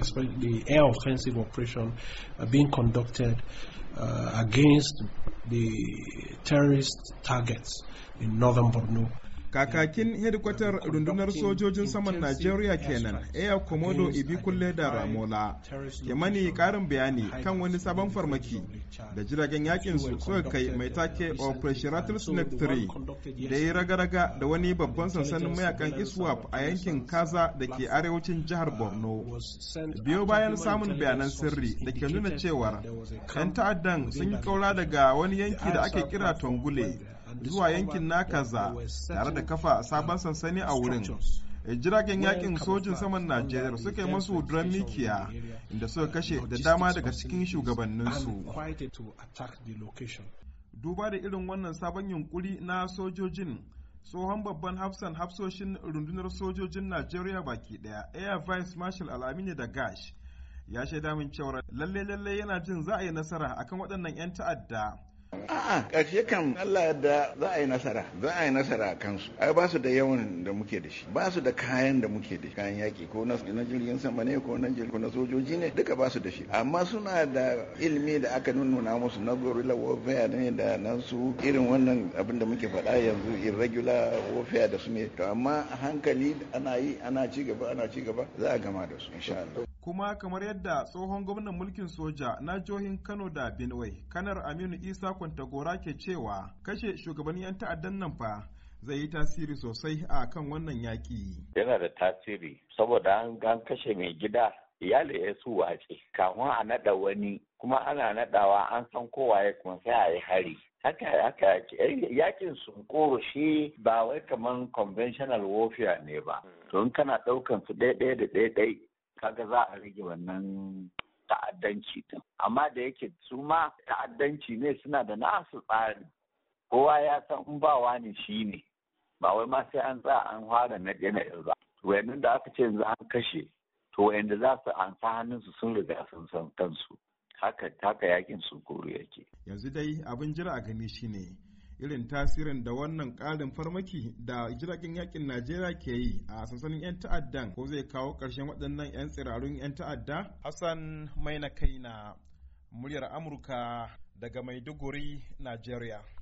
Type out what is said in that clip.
especially the air offensive operation uh, being conducted uh, against the terrorist targets in northern Borno. Kakakin hedikwatar rundunar sojojin saman Najeriya kenan, Air Komodo Ibikulle da Ramola, ke mani karin bayani kan wani sabon farmaki da jiragen yakin su suka kai mai take Operation Rattlesnake 3 da ya raga-raga da wani babban sansanin mayakan ISWAP a yankin Kaza da ke arewacin jihar Borno. Biyo bayan samun bayanan sirri da ke nuna cewar 'yan ta'addan sun yi kaura daga wani yanki da ake kira Tongule. zuwa yankin na kaza tare da kafa sabon sansani a wurin eh, jiragen yakin sojin saman najeriya suka yi masu dramikiya mikiya inda suka kashe da dama daga cikin shugabanninsu duba da irin wannan sabon yunkuri na sojojin tsohon babban hafsan hafsoshin rundunar sojojin najeriya baki daya air vice marshal alamine da gash ya shaida min cewa lalle lalle yana jin za a yi nasara akan waɗannan 'yan ta'adda A'a karshe kan Allah yadda za a yi nasara za a yi nasara a kansu ai ba su da yawan da muke da shi ba su da kayan da muke da shi kayan yaƙi ko na jirgin sama ne ko na jirgin na sojoji ne duka ba su da shi amma suna da ilimi da aka nuna musu na gorilla warfare ne da nan su irin wannan abin da muke faɗa yanzu irregular warfare da su ne to amma hankali ana yi ana ci gaba ana ci gaba za a gama da su insha Allah kuma kamar yadda tsohon gwamnan mulkin soja na jihohin kano da benue kanar aminu isa kwantagora ke cewa kashe shugabannin 'yan ta'addan nan fa zai yi tasiri sosai a kan wannan yaƙi. yana da tasiri saboda an gan kashe mai gida iyali ya su wace kafin a naɗa wani kuma ana naɗawa an san kowa ya kuma sai a yi hari haka haka yakin eh, sun shi ba wai kamar conventional warfare ne ba to hmm. kana ɗaukan su ɗaya da daidai? kaga za a rage wannan ta'addanci din amma da yake su ma ta'addanci ne suna da nasu tsari kowa ya san in ba wani shi ne ba wai ma sai an tsaya an fara na jana'i ba wayannan da aka ce yanzu an kashe to wayanda za su hannun hannunsu sun riga sun san kansu haka haka yakin su koru yake yanzu dai abin jira a gani shine irin tasirin da wannan ƙarin farmaki da jiragen yakin Najeriya ke yi a sansanin 'yan ta'addan ko zai kawo ƙarshen waɗannan 'yan tsirarun 'yan ta'adda? Hassan mai na kai na muryar Amurka daga Maiduguri, Najeriya.